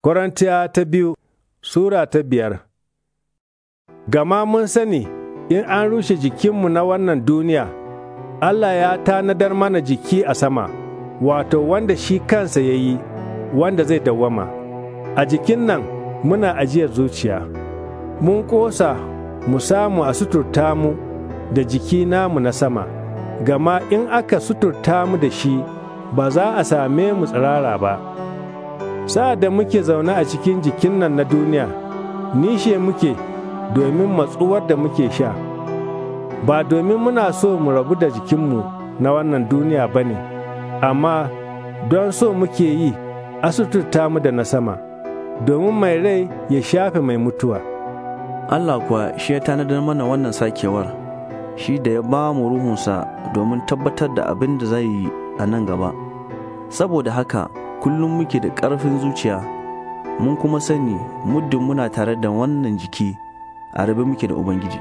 Korintiya ta biyu Sura ta biyar Gama mun sani in an rushe jikinmu na wannan duniya, Allah ya tanadar mana jiki a sama, wato wanda shi kansa ya yi, wanda zai dawwama. A jikin nan muna ajiyar zuciya, mun ƙosa mu samu a suturta mu da jiki namu na sama, gama in aka suturta mu da shi, ba za a same mu tsirara ba. sa'ad da muke zaune a cikin jikin nan na duniya nishe muke domin matsuwar da muke sha ba domin muna so mu rabu da jikinmu na wannan duniya ba ne amma don so muke yi asututta mu da na sama domin mai rai ya shafe mai mutuwa Allah kuwa shi ya tanadar mana wannan sakewar shi da ya ba mu ruhunsa domin tabbatar da abin da zai yi a nan gaba. saboda haka kullum muke da ƙarfin zuciya mun kuma sani muddin muna tare da wannan jiki a rabe muke da ubangiji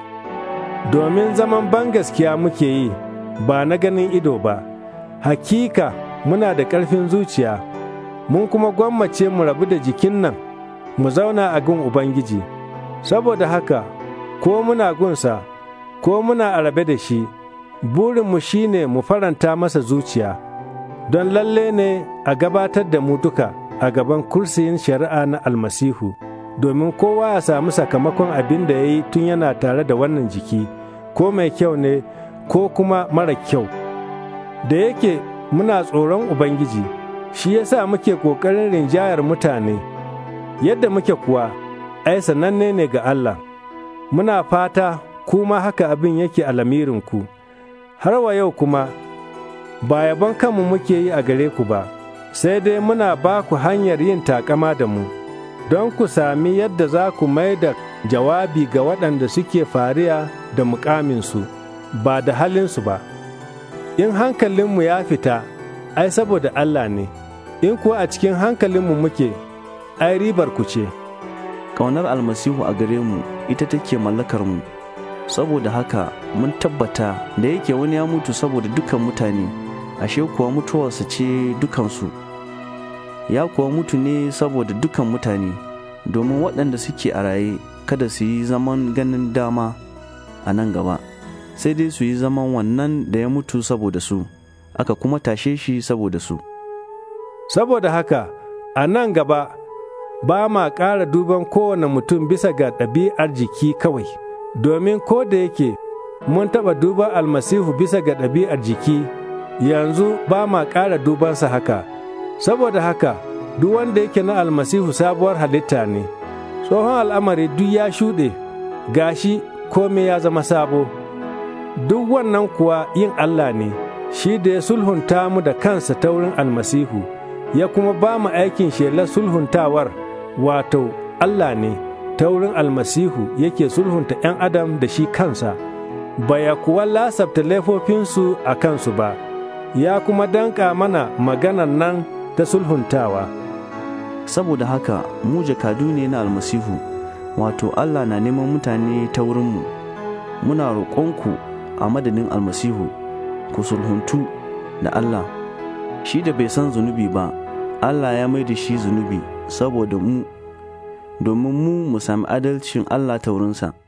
domin zaman ban gaskiya muke yi ba na ganin ido ba hakika muna da ƙarfin zuciya mun kuma gwammace mu rabu da jikin nan mu zauna a gun ubangiji saboda haka ko muna gunsa ko muna a rabe da shi burinmu shine mu faranta masa zuciya don lalle ne a gabatar da mu duka a gaban kursiyin shari'a na almasihu domin kowa ya samu sakamakon abin da ya yi tun yana tare da wannan jiki ko mai kyau ne ko kuma mara kyau da yake muna tsoron ubangiji shi ya sa muke ƙoƙarin rinjayar mutane yadda muke kuwa ai sananne ne ga Allah muna fata kuma haka abin yake a lamirinku har wa yau kuma ba yabon kanmu muke yi a gare ku ba, sai dai muna ba ku hanyar yin takama da mu, don ku sami yadda za ku mai da jawabi ga waɗanda suke fariya da mukaminsu, ba da halinsu ba. In hankalinmu ya fita, ai saboda Allah ne, in kuwa a cikin hankalinmu muke, ai ribar ku ce. Ƙaunar almasihu a gare mu ita take mallakar mu, saboda haka mun tabbata da yake wani ya mutu saboda dukkan mutane. ashe kuwa mutuwarsa ce dukansu ya kuwa mutu ne saboda dukan mutane domin waɗanda suke a raye kada su yi zaman ganin dama a nan gaba sai dai su yi zaman wannan da ya mutu saboda su aka kuma tashe shi saboda su saboda haka a nan gaba ba ma ƙara duban kowane mutum bisa ga ɗabi'ar jiki kawai domin ko da yake mun taɓa duba almasihu bisa ga ɗabi'ar jiki yanzu ba ma ƙara dubansa haka, saboda haka duk wanda yake na almasihu sabuwar halitta ne, tsohon al'amari duk ya shuɗe, gashi kome ya zama sabo. Duk wannan kuwa yin Allah ne, shi da ya sulhunta mu da kansa ta wurin almasihu, ya kuma ba mu aikin shelar sulhuntawar, wato Allah ne, ta wurin almasihu yake sulhunta ‘yan Adam da shi kansa, ba ya kuwa lasafta laifofinsu a kansu ba. ya kuma danƙa mana maganan nan ta sulhuntawa. Saboda haka mu jakadu ne na almasihu, wato Allah na neman mutane ta wurinmu, muna roƙonku a madadin almasihu, ku sulhuntu da Allah, shi da bai san zunubi ba, Allah ya mai da shi zunubi saboda mu, domin mu mu sami adalcin Allah ta wurinsa.